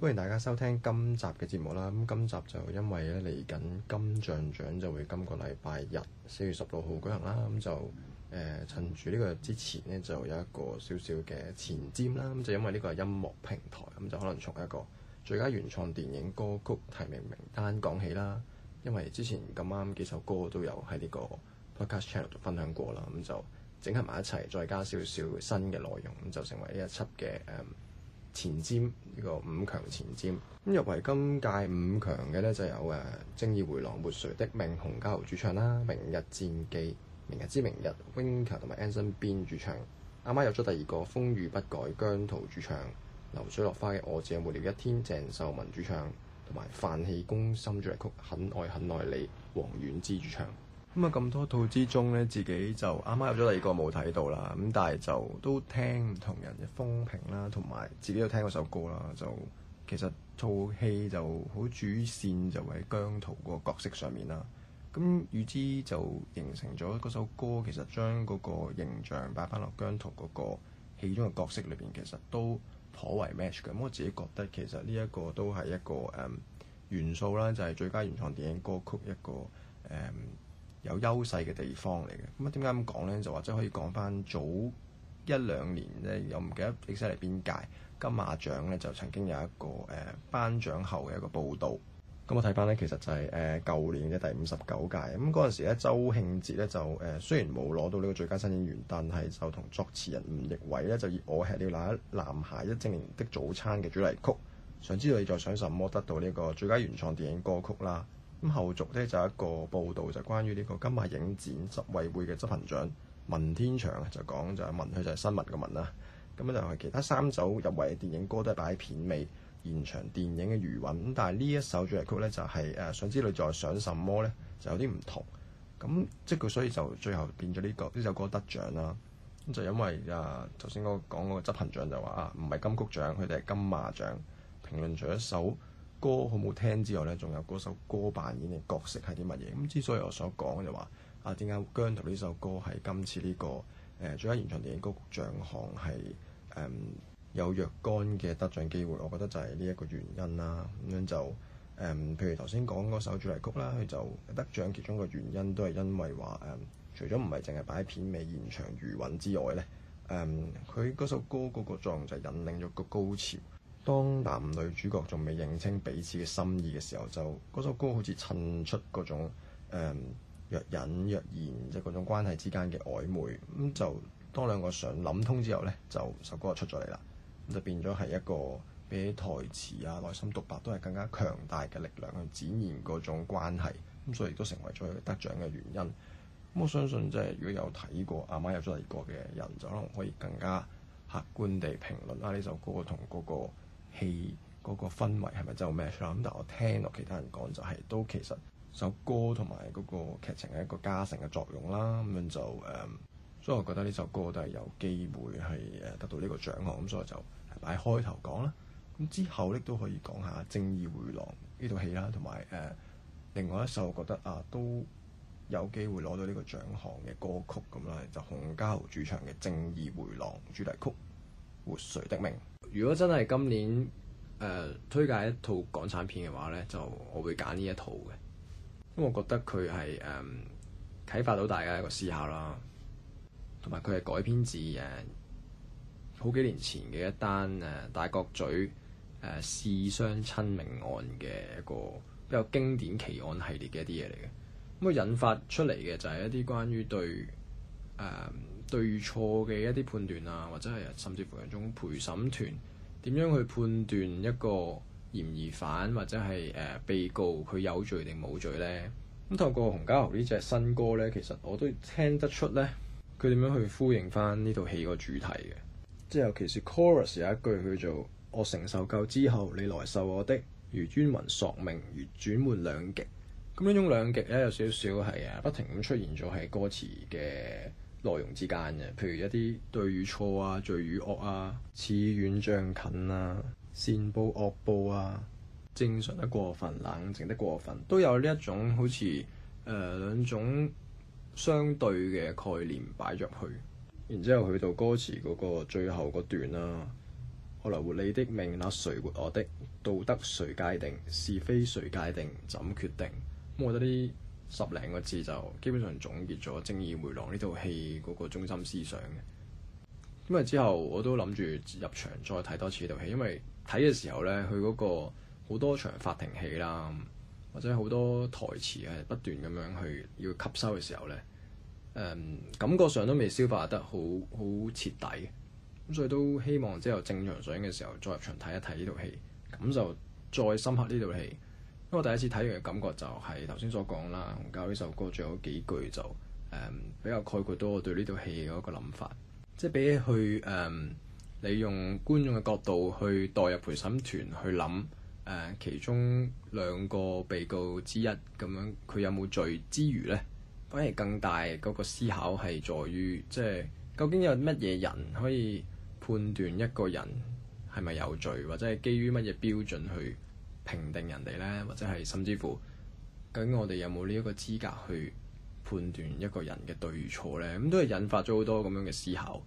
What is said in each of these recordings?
歡迎大家收聽今集嘅節目啦！咁今集就因為咧嚟緊金像獎就會今個禮拜日四月十六號舉行啦，咁就誒趁住呢個之前呢，就有一個少少嘅前瞻啦。咁就因為呢個係音樂平台，咁就可能從一個最佳原創電影歌曲提名名單講起啦。因為之前咁啱幾首歌都有喺呢個 Podcast Channel 度分享過啦，咁就整合埋一齊，再加少少新嘅內容，咁就成為呢一輯嘅誒。嗯前瞻呢個五強前瞻，咁、這個、入圍今屆五強嘅咧，就有誒《正義迴廊》、《沒誰的命》、洪嘉豪主唱啦，《明日戰記》、《明日之明日》、Wing 強同埋 Anson 邊主唱。阿媽有咗第二個《風雨不改》、姜濤主唱《流水落花》嘅《我只係沒了一天》、鄭秀文主唱同埋《飯戲攻心》主題曲《很愛很愛你》、王菀之主唱。咁啊！咁多套之中咧，自己就啱啱入咗第二個冇睇到啦。咁但係就都聽唔同人嘅風評啦，同埋自己都聽嗰首歌啦。就其實套戲就好主線就喺、是、姜濤個角色上面啦。咁與之就形成咗嗰首歌，其實將嗰個形象擺翻落姜濤嗰個戲中嘅角色裏邊，其實都頗為 match 嘅。咁我自己覺得其實呢一個都係一個誒元素啦，就係、是、最佳原創電影歌曲一個誒。Um, 有優勢嘅地方嚟嘅，咁啊點解咁講咧？就或者可以講翻早一兩年咧，又唔記得影星嚟邊屆金馬獎咧，就曾經有一個誒頒獎後嘅一個報導。咁我睇翻咧，其實就係誒舊年嘅第五十九屆，咁嗰陣時咧，周興哲咧就誒、呃、雖然冇攞到呢個最佳新演員，但係就同作詞人吳亦偉咧就以《我吃了那男孩一整年的早餐》嘅主題曲，想知道你再想什麼？得到呢個最佳原創電影歌曲啦？咁後續咧就有一個報導，就關於呢個金馬影展執委會嘅執行長聞天祥，就講就問佢，就係新聞嘅聞啦。咁就係其他三首入圍嘅電影歌都擺喺片尾現場電影嘅餘韻，咁但係呢一首主題曲咧就係、是、誒、啊、想知你再想什麼咧就有啲唔同，咁即係佢所以就最後變咗呢、這個呢首歌得獎啦，就因為誒頭先我講嗰個執行長就話啊，唔係金曲獎，佢哋係金馬獎，評論咗一首。歌好唔好聽之外呢，仲有嗰首歌扮演嘅角色係啲乜嘢？咁之所以我所講就話啊，點解姜濤呢首歌係今次呢、這個誒、呃、最佳原創電影歌曲獎項係、嗯、有若干嘅得獎機會？我覺得就係呢一個原因啦。咁樣就誒、嗯，譬如頭先講嗰首主題曲啦，佢就得獎，其中一個原因都係因為話誒、嗯，除咗唔係淨係擺喺片尾現場餘韻之外呢，佢、嗯、嗰首歌嗰個作用就係引領咗個高潮。當男女主角仲未認清彼此嘅心意嘅時候，就嗰首歌好似襯出嗰種、嗯、若隱若現即係嗰種關係之間嘅曖昧。咁就當兩個想諗通之後呢就首歌就出咗嚟啦。咁就變咗係一個比起台詞啊、內心獨白都係更加強大嘅力量去展現嗰種關係。咁所以都成為咗得獎嘅原因。咁我相信即係如果有睇過《阿媽有咗第二個》嘅人，就可能可以更加客觀地評論啦呢首歌同嗰個。戲嗰個氛圍係咪真係好 match 啦？咁但係我聽落其他人講就係、是、都其實首歌同埋嗰個劇情係一個加成嘅作用啦。咁樣就誒，um, 所以我覺得呢首歌都係有機會係誒得到呢個獎項。咁所以就擺開頭講啦。咁之後咧都可以講下《正義回廊》呢套戲啦，同埋誒另外一首我覺得啊都有機會攞到呢個獎項嘅歌曲咁啦，就洪家豪主唱嘅《正義回廊》主題曲《活誰的命》。如果真係今年誒、呃、推介一套港產片嘅話咧，就我會揀呢一套嘅。咁我覺得佢係誒啟發到大家一個思考啦，同埋佢係改編自誒、啊、好幾年前嘅一單誒、啊、大角咀誒弒親命案嘅一,一個比較經典奇案系列嘅一啲嘢嚟嘅。咁佢引發出嚟嘅就係一啲關於對誒。呃對錯嘅一啲判斷啊，或者係甚至乎一種陪審團點樣去判斷一個嫌疑犯或者係誒被告佢有罪定冇罪呢？咁透過洪嘉豪呢隻新歌呢，其實我都聽得出呢，佢點樣去呼應返呢套戲個主題嘅。即係尤其是 chorus 有一句叫做我承受夠之後，你來受我的，如冤魂索命，如轉換兩極。咁呢種兩極呢，有少少係啊不停咁出現咗喺歌詞嘅。內容之間嘅，譬如一啲對與錯啊、罪與惡啊、似遠像近啊、善報惡報啊、正常得過分、冷靜得過分，都有呢一種好似誒、呃、兩種相對嘅概念擺入去。然之後去到歌詞嗰個最後嗰段啦、啊，我來活你的命，那、啊、誰活我的？道德誰界定？是非誰界定？怎決定、嗯？我覺得呢，十零個字就基本上總結咗《正義回廊》呢套戲嗰個中心思想嘅。因為之後我都諗住入場再睇多次呢套戲，因為睇嘅時候呢，佢嗰個好多場法庭戲啦，或者好多台詞啊，不斷咁樣去要吸收嘅時候呢、嗯，感覺上都未消化得好好徹底，咁所以都希望之後正常上映嘅時候再入場睇一睇呢套戲，咁就再深刻呢套戲。因為我第一次睇完嘅感覺就係頭先所講啦。紅教呢首歌仲有幾句就誒、嗯、比較概括到我對呢套戲嘅一個諗法，即係比起去誒、嗯，你用觀眾嘅角度去代入陪審團去諗誒、嗯，其中兩個被告之一咁樣佢有冇罪之餘呢，反而更大嗰個思考係在於，即係究竟有乜嘢人可以判斷一個人係咪有罪，或者係基於乜嘢標準去評定人哋呢，或者係甚至乎，究竟我哋有冇呢一個資格去判斷一個人嘅對錯呢？咁都係引發咗好多咁樣嘅思考。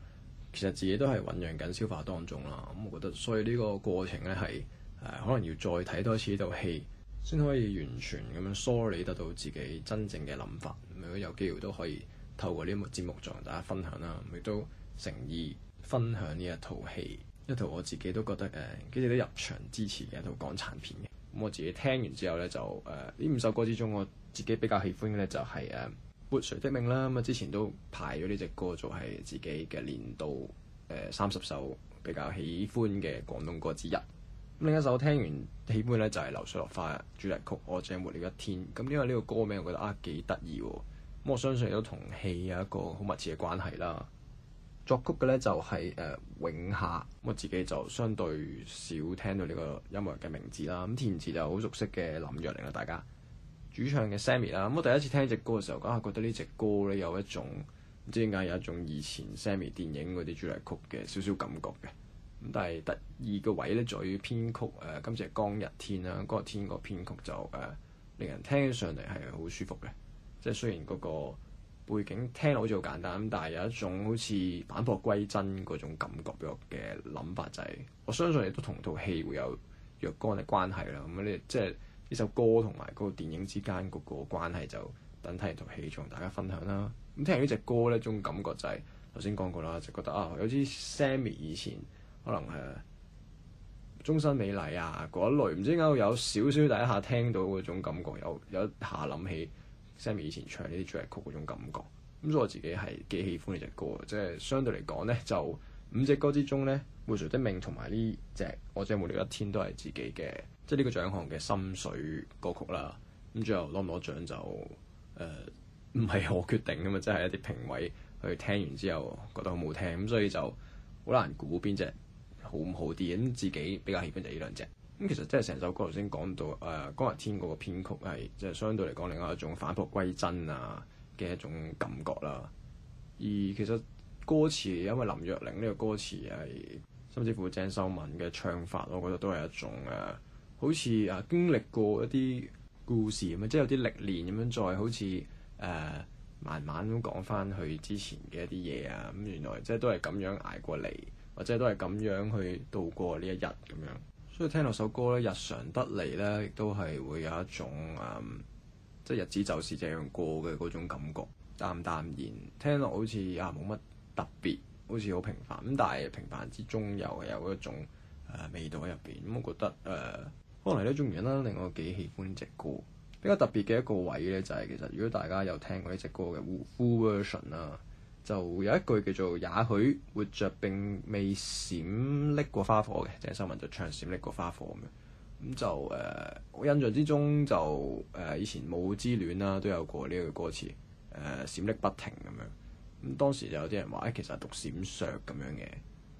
其實自己都係醖釀緊、消化當中啦。咁我覺得，所以呢個過程呢，係誒、呃，可能要再睇多一次呢套戲，先可以完全咁樣梳理得到自己真正嘅諗法。如果有機會都可以透過呢一個節目再同大家分享啦，亦都誠意分享呢一套戲。呢套我自己都覺得誒，跟、呃、住都入場支持嘅一套港產片嘅。咁我自己聽完之後咧，就誒呢、呃、五首歌之中，我自己比較喜歡嘅咧就係、是、誒《撥、呃、誰的命》啦。咁啊，之前都排咗呢隻歌做係自己嘅年度誒三十首比較喜歡嘅廣東歌之一。咁另一首我聽完喜歡咧就係、是《流水落花》主題曲《我只活了一天》。咁因為呢個歌名，我覺得啊幾得意喎。咁、呃、我相信都同戲有一個好密切嘅關係啦。作曲嘅咧就係、是、誒、呃、永夏，我自己就相對少聽到呢個音樂人嘅名字啦。咁填詞就好熟悉嘅林若玲啦，大家主唱嘅 Sammy 啦。咁、嗯、我第一次聽呢隻歌嘅時候，咁係覺得呢隻歌咧有一種唔知點解有一種以前 Sammy 電影嗰啲主題曲嘅少少感覺嘅。咁、嗯、但係得意嘅位咧在於編曲誒、呃，今次係江日天啦，江、啊、日天個編曲就誒、呃、令人聽起上嚟係好舒服嘅，即係雖然嗰、那個。背景聽落好似好簡單，咁但係有一種好似返璞歸真嗰種感覺，俾我嘅諗法就係、是，我相信亦都同套戲會有若干嘅關係啦。咁、嗯、你即係呢首歌同埋嗰個電影之間嗰個關係，就等睇完套戲再同大家分享啦。咁、嗯、聽完呢隻歌呢種感覺就係頭先講過啦，就覺得啊，有啲 Sammi 以前可能係《終身美麗》啊嗰一類，唔知解會有少少第一下聽到嗰種感覺，有有一下諗起。Sammy 以前唱呢啲主題曲嗰種感覺，咁所以我自己係幾喜歡呢隻歌，即係相對嚟講咧，就五隻歌之中咧，《Mushroom 的命》同埋呢隻《我只係無聊一天》都係自己嘅，即係呢個獎項嘅心水歌曲啦。咁最後攞唔攞獎就誒唔係我決定噶嘛，即係一啲評委去聽完之後覺得好唔好聽，咁所以就好難估邊隻好唔好啲，咁自己比較喜歡就呢兩隻。咁其實真係成首歌，頭先講到誒、呃、江若天嗰個編曲係，即、就、係、是、相對嚟講另外一種返璞歸真啊嘅一種感覺啦、啊。而其實歌詞，因為林若寧呢個歌詞係，甚至乎鄭秀文嘅唱法，我覺得都係一種誒、啊，好似啊經歷過一啲故事咁啊，即、就、係、是、有啲歷練咁樣，再好似誒、啊、慢慢咁講翻佢之前嘅一啲嘢啊。咁原來即係都係咁樣捱過嚟，或者都係咁樣去度過呢一日咁樣。所以聽落首歌咧，日常得嚟咧，亦都係會有一種誒、嗯，即係日子就是這樣過嘅嗰種感覺，淡淡然聽落好似啊冇乜特別，好似好平凡咁，但係平凡之中又係有一種誒、呃、味道喺入邊咁，我覺得誒可能呢一原因啦。另外幾喜歡呢隻歌，比較特別嘅一個位咧、就是，就係其實如果大家有聽過呢隻歌嘅 f u, u Version 啦。就有一句叫做也許活著並未閃匿過花火嘅鄭秀文就唱閃匿過花火咁樣，咁就誒、呃、我印象之中就誒、呃、以前舞之戀啦都有過呢句歌詞誒、呃、閃匿不停咁樣，咁當時就有啲人話誒、欸、其實係讀閃削咁樣嘅，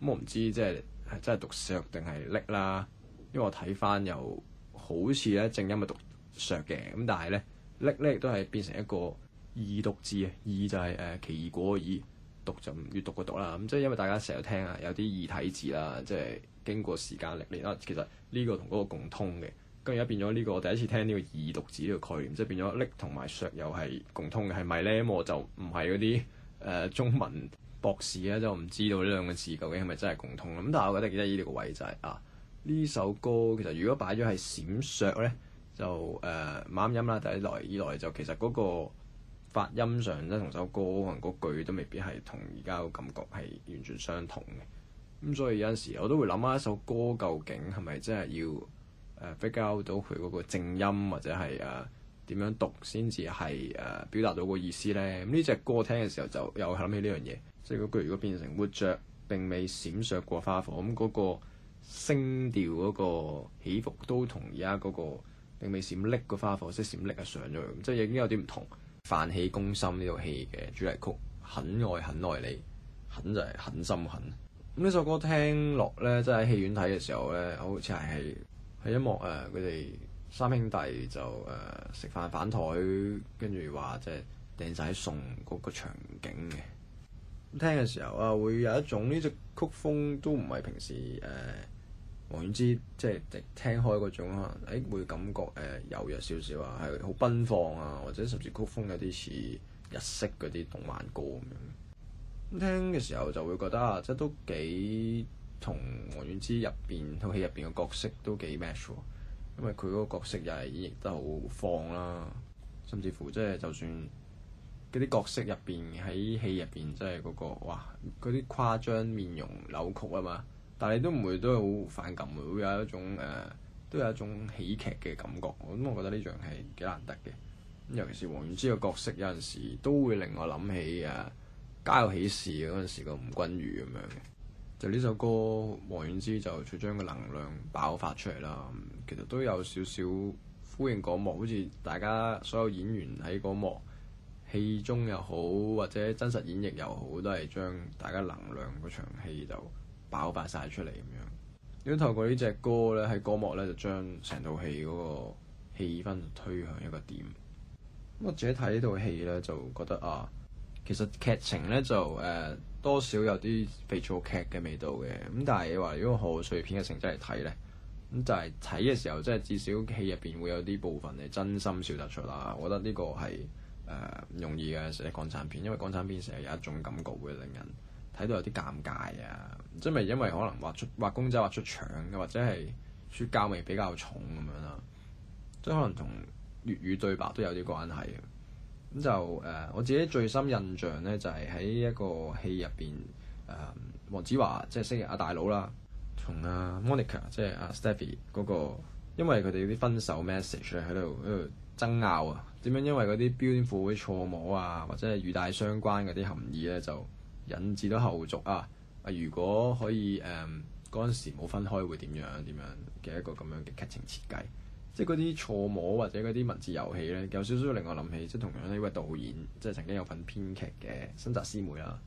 咁我唔知即係真係讀削定係匿啦，因為我睇翻又好似咧正音係讀削嘅，咁但係咧匿咧亦都係變成一個。異讀字啊，異就係誒奇異果嘅異讀就唔閱讀嘅讀啦。咁、嗯、即係因為大家成日聽啊，有啲異體字啦，即係經過時間歷練啦、啊。其實呢個同嗰個共通嘅，跟住而家變咗呢、這個。我第一次聽呢個異讀字呢個概念，即係變咗力同埋削又係共通嘅，係咪咧？我就唔係嗰啲誒中文博士啦，就、啊、唔知道呢兩個字究竟係咪真係共通咁、嗯、但係我覺得記得呢條位置就係、是、啊，呢首歌其實如果擺咗係閃削咧，就誒啱音啦。第一以來以來就其實嗰、那個。發音上即係，同首歌可能嗰句都未必係同而家個感覺係完全相同嘅。咁、嗯、所以有陣時我都會諗下一首歌究竟係咪真係要誒比較到佢嗰個正音或者係誒點樣讀先至係誒表達到個意思咧？咁呢隻歌聽嘅時候就又係諗起呢樣嘢，即係嗰句如果變成活着、er，並未閃爍過花火咁嗰、嗯那個聲調嗰個起伏都同而家嗰個並未閃匿個花火，即係閃匿係上咗去，即係已經有啲唔同。《飯戲攻心》呢套戲嘅主題曲《很愛很愛你》肯肯肯，很就係狠心狠」。咁呢首歌聽落咧，即係喺戲院睇嘅時候咧，好似係喺一幕誒，佢哋三兄弟就誒、呃、食飯反台，跟住話即係掟晒餸嗰個場景嘅。聽嘅時候啊，會有一種呢隻曲風都唔係平時誒。呃王菀之即係聽開嗰種啊，誒會感覺誒、呃、柔弱少少啊，係好奔放啊，或者甚至曲風有啲似日式嗰啲動漫歌咁樣。咁聽嘅時候就會覺得啊，即係都幾同王菀之入邊套戲入邊嘅角色都幾 match 喎、啊，因為佢嗰個角色又係演繹得好放啦、啊，甚至乎即係就算嗰啲角色入邊喺戲入邊、那個，即係嗰個哇嗰啲誇張面容扭曲啊嘛～但係都唔會都係好反感嘅，會有一種誒、呃，都有一種喜劇嘅感覺。咁我覺得呢樣係幾難得嘅。尤其是黃菀之個角色，有陣時都會令我諗起誒《家有喜事》嗰陣時個吳君如咁樣嘅。就呢首歌，黃菀之就將個能量爆發出嚟啦。其實都有少少呼應嗰幕，好似大家所有演員喺嗰幕戲中又好，或者真實演繹又好，都係將大家能量嗰場戲就～爆發晒出嚟咁樣，如果透過呢隻歌咧，喺歌幕咧就將成套戲嗰個氣氛推向一個點。咁我自己睇呢套戲咧，就覺得啊，其實劇情咧就誒多少有啲肥皂劇嘅味道嘅。咁但係你話如果賀歲片嘅成績嚟睇咧，咁就係睇嘅時候，即係至少戲入邊會有啲部分係真心笑得出啦。我覺得呢個係唔容易嘅寫港產片，因為港產片成日有一種感覺會令人睇到有啲尷尬啊。即係咪因為可能畫出畫公仔畫出腸，或者係說教味比較重咁樣啦。即係可能同粵語對白都有啲關係。咁就誒、呃，我自己最深印象咧就係、是、喺一個戲入邊，誒、呃，黃子華即係飾阿大佬啦，同阿、啊、Monica 即係阿 Stephy 嗰個，因為佢哋啲分手 message 喺度喺度爭拗啊。點樣因為嗰啲 beautiful 嘅錯摸啊，或者係語帶相關嗰啲含義咧，就引致到後續啊。啊！如果可以誒，嗰、嗯、陣時冇分開會點樣點樣嘅一個咁樣嘅劇情設計，即係嗰啲錯摸或者嗰啲文字遊戲咧，有少少令我諗起，即係同樣呢位導演，即係曾經有份編劇嘅新紮師妹啦。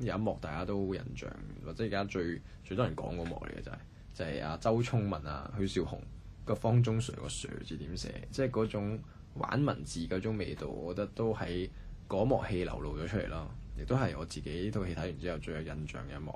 咁有一幕大家都好印象，或者而家最最多人講嗰幕嚟嘅就係、是、就係、是、阿、啊、周聰文啊、許紹雄個方中 Sir 個 Sir 字點寫，即係嗰種玩文字嗰種味道，我覺得都喺嗰幕戲流露咗出嚟啦。亦都係我自己呢套戲睇完之後最有印象嘅一幕。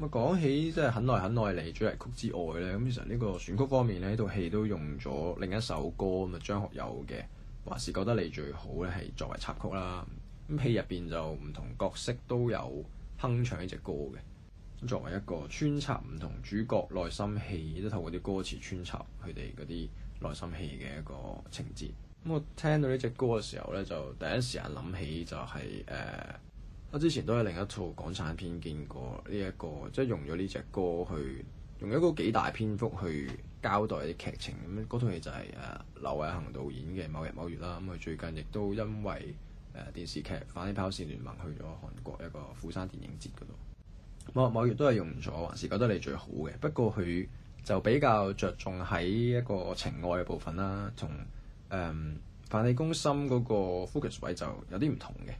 咁啊，講起即係很耐、很耐嚟主題曲之外呢，咁其實呢個選曲方面呢，呢套戲都用咗另一首歌，咁啊張學友嘅《還是覺得你最好》呢係作為插曲啦。咁戲入邊就唔同角色都有哼唱呢隻歌嘅作為一個穿插唔同主角內心戲，都透過啲歌詞穿插佢哋嗰啲內心戲嘅一個情節。咁我聽到呢隻歌嘅時候呢，就第一時間諗起就係、是、誒。呃我之前都喺另一套港產片見過呢一、這個，即係用咗呢隻歌去，用一個幾大篇幅去交代啲劇情。咁嗰套戲就係、是、誒、啊、劉偉恒導演嘅《某日某月》啦、啊。咁、嗯、佢最近亦都因為誒、啊、電視劇《反起跑線聯盟》去咗韓國一個釜山電影節嗰度。《某日某月》都係用咗，還是覺得你最好嘅。不過佢就比較着重喺一個情愛嘅部分啦，同誒《飯戲攻心》嗰個 focus 位就有啲唔同嘅。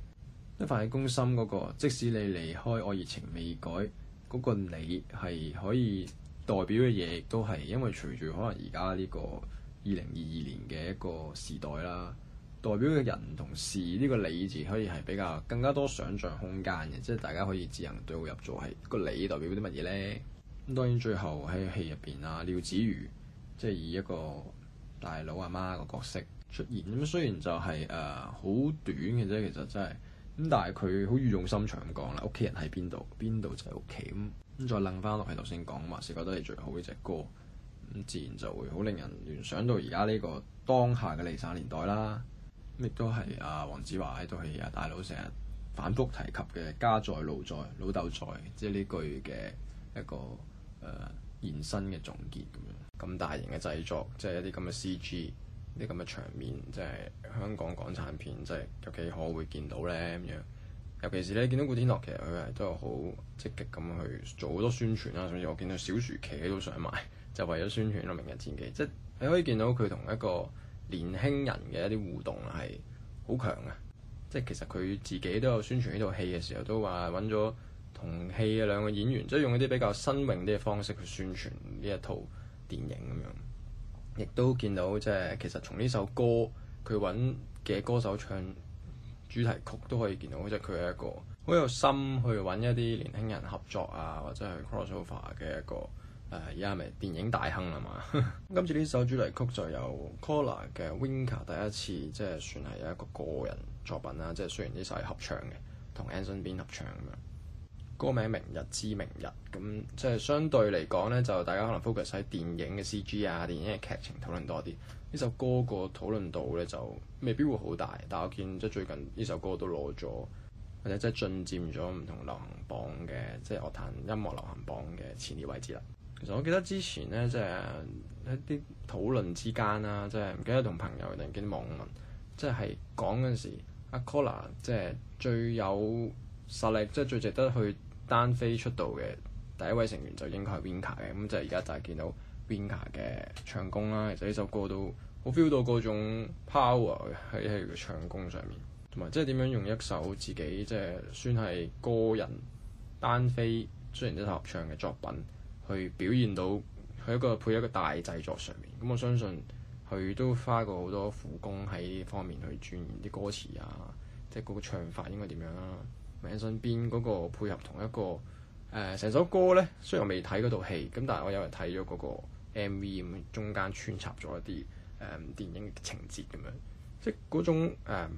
即一喺公心嗰個，即使你離開，我熱情未改嗰、那個你係可以代表嘅嘢，亦都係因為隨住可能而家呢個二零二二年嘅一個時代啦，代表嘅人同事呢、這個你字可以係比較更加多想象空間嘅，即係大家可以自行對號入座係，係、那個你代表啲乜嘢咧？咁當然最後喺戲入邊啊，廖子妤即係以一個大佬阿媽個角色出現，咁。雖然就係誒好短嘅啫，其實真係。咁但係佢好語重用心長咁講啦，屋企人喺邊度，邊度就係屋企。咁咁再擰翻落去頭先講話，是覺得係最好嘅隻歌。咁自然就會好令人聯想到而家呢個當下嘅離散年代啦。咁亦都係阿黃子華喺度係阿大佬成日反覆提及嘅家在路在老豆在，即係呢句嘅一個誒延伸嘅總結咁樣。咁大型嘅製作，即係一啲咁嘅 CG。啲咁嘅場面，即係香港港產片，即係有幾可會見到咧咁樣。尤其是咧，見到古天樂其實佢係都有好積極咁去做好多宣傳啦。所以 我見到小薯茄喺度上埋，就為咗宣傳啦《明日戰記》。即係你可以見到佢同一個年輕人嘅一啲互動係好強嘅。即係其實佢自己都有宣傳呢套戲嘅時候，都話揾咗同戲嘅兩個演員，即係用一啲比較新穎啲嘅方式去宣傳呢一套電影咁樣。亦都見到即係其實從呢首歌佢揾嘅歌手唱主題曲都可以見到，即係佢係一個好有心去揾一啲年輕人合作啊，或者係 crossover 嘅一個誒而家咪電影大亨啊嘛。 今次呢首主題曲就由 Collar 嘅 Winka 第一次即係算係有一個個人作品啦，啊，即係雖然呢首係合唱嘅，同 Anson 邊合唱咁樣。歌名《明日之明日》，咁即係相對嚟講咧，就大家可能 focus 喺電影嘅 CG 啊、電影嘅劇情討論多啲。呢首歌個討論度咧就未必會好大，但係我見即係最近呢首歌都攞咗，或者即係進佔咗唔同流行榜嘅即係樂壇音樂流行榜嘅前列位置啦。其實我記得之前咧，即係一啲討論之間啦，即係唔記得同朋友定唔記得網民，即係講嗰陣時，阿 Collar 即係最有實力，即係最值得去。單飛出道嘅第一位成員就應該係 Vinka 嘅，咁就係而家就係見到 Vinka 嘅唱功啦。其實呢首歌都好 feel 到嗰種 power 喺佢唱功上面，同埋即係點樣用一首自己即係、就是、算係個人單飛雖然一齊合唱嘅作品，去表現到佢一個配一個大製作上面。咁我相信佢都花過好多苦功喺呢方面去鑽研啲歌詞啊，即係嗰個唱法應該點樣啦、啊，名身邊嗰個配合同一個誒成、呃、首歌咧，雖然我未睇嗰套戲，咁但係我有人睇咗嗰個 M V，咁中間穿插咗一啲誒、呃、電影情節咁樣，即係嗰種、呃、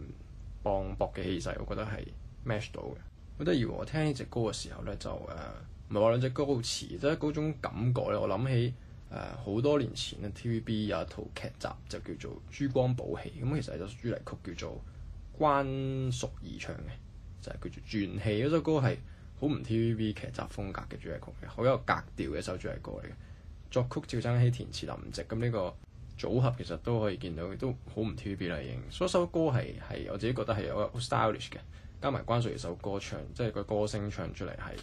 磅礴嘅氣勢，我覺得係 match 到嘅。我覺得而我聽呢隻歌嘅時候咧，就誒唔係話兩隻歌詞，即係嗰種感覺咧，我諗起誒好、呃、多年前咧，T V B 有一套劇集就叫做《珠光寶氣》，咁其實係首主題曲叫做關淑怡唱嘅。就係叫做傳奇《傳奇》嗰首歌，係好唔 TVB 劇集風格嘅主題曲嘅，好有格調嘅一首主題歌嚟嘅。作曲趙增熹、填詞林夕，咁呢個組合其實都可以見到，都好唔 TVB 類型。已經所首歌係係我自己覺得係有好 stylish 嘅。加埋關菊英首歌唱，即係個歌聲唱出嚟係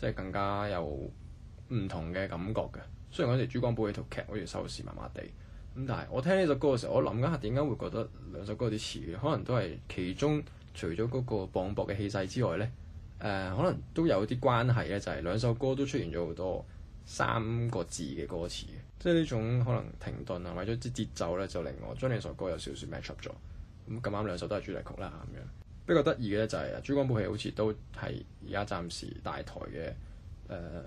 即係更加有唔同嘅感覺嘅。雖然嗰時《珠光寶氣》套劇好似收視麻麻地咁，但係我聽呢首歌嘅時候，我諗緊下點解會覺得兩首歌有啲詞可能都係其中。除咗嗰個磅礴嘅氣勢之外咧，誒、呃、可能都有啲關係咧，就係、是、兩首歌都出現咗好多三個字嘅歌詞，即係呢種可能停頓啊，或者啲節奏咧就令我將兩首歌有少少 match up 咗，咁咁啱兩首都係主題曲啦咁樣。比較得意嘅咧就係、是《珠江》部戲好似都係而家暫時大台嘅誒、呃、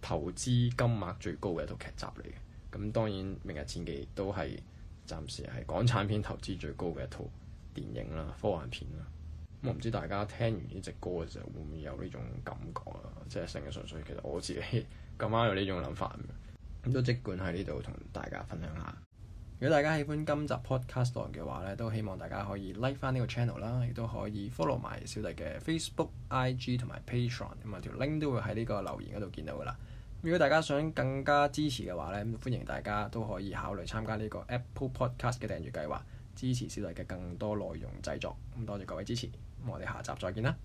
投資金額最高嘅一套劇集嚟嘅，咁、嗯、當然《明日戰記》都係暫時係港產片投資最高嘅一套。電影啦，科幻片啦，咁我唔知大家聽完呢隻歌嘅時候會唔會有呢種感覺啊？即係成個純粹，其實我自己咁 啱有呢種諗法咁，都即管喺呢度同大家分享下。如果大家喜歡今集 podcast 嘅話咧，都希望大家可以 like 翻呢個 channel 啦，亦都可以 follow 埋小弟嘅 Facebook、IG 同埋 Patreon，咁啊條 link 都會喺呢個留言嗰度見到噶啦。如果大家想更加支持嘅話咧，歡迎大家都可以考慮參加呢個 Apple Podcast 嘅訂閱計劃。支持小弟嘅更多內容製作，多謝各位支持，我哋下集再見啦。